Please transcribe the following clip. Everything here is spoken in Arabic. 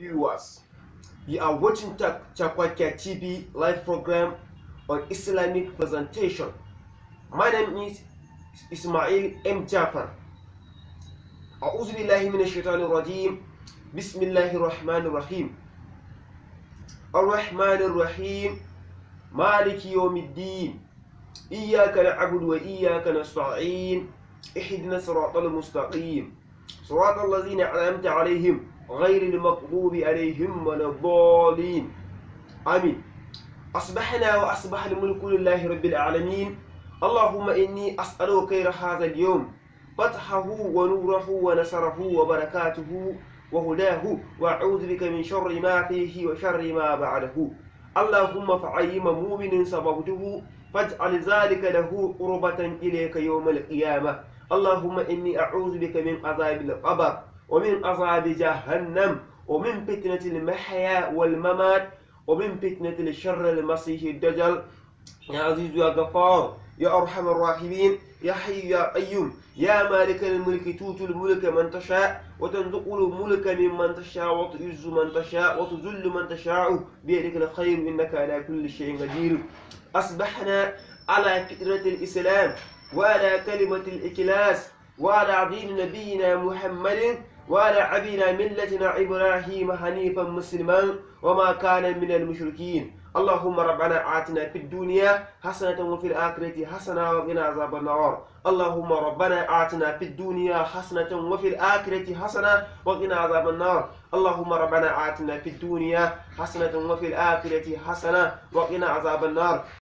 viewers. You are watching program on Islamic presentation. My Ismail M. Jafar. A'udhu billahi minash shaitani rajim. Bismillahir Rahmanir Rahim. Ar-Rahmanir Rahim. Maliki yawmiddin. Iyyaka na'budu wa iyyaka nasta'in. Ihdinas siratal mustaqim. Siratal ladzina an'amta 'alayhim. غير المغضوب عليهم ولا الضالين آمين أصبحنا وأصبح الملك لله رب العالمين اللهم إني أسألك خير هذا اليوم فتحه ونوره ونصره وبركاته وهداه وأعوذ بك من شر ما فيه وشر ما بعده اللهم فعيم مؤمن سببته فاجعل ذلك له قربة إليك يوم القيامة اللهم إني أعوذ بك من عذاب القبر ومن عذاب جهنم ومن فتنة المحيا والممات ومن فتنة الشر المسيح الدجل يا عزيز يا غفار يا أرحم الراحمين يا حي يا قيوم يا مالك الملك توت الملك من تشاء وتنزق الملك ممن تشاء وتعز من تشاء وتذل من تشاء بيدك الخير إنك على كل شيء قدير أصبحنا على فكرة الإسلام وعلى كلمة الإكلاس وعلى عبدنا نبينا محمد وعلى عبينا ملتنا إبراهيم حنيفا مسلما وما كان من المشركين اللهم ربنا آتنا في الدنيا حسنة وفي الآخرة حسنة وقنا عذاب النار اللهم ربنا آتنا في الدنيا حسنة وفي الآخرة حسنة وقنا عذاب النار اللهم ربنا آتنا في الدنيا حسنة وفي الآخرة حسنة وقنا عذاب النار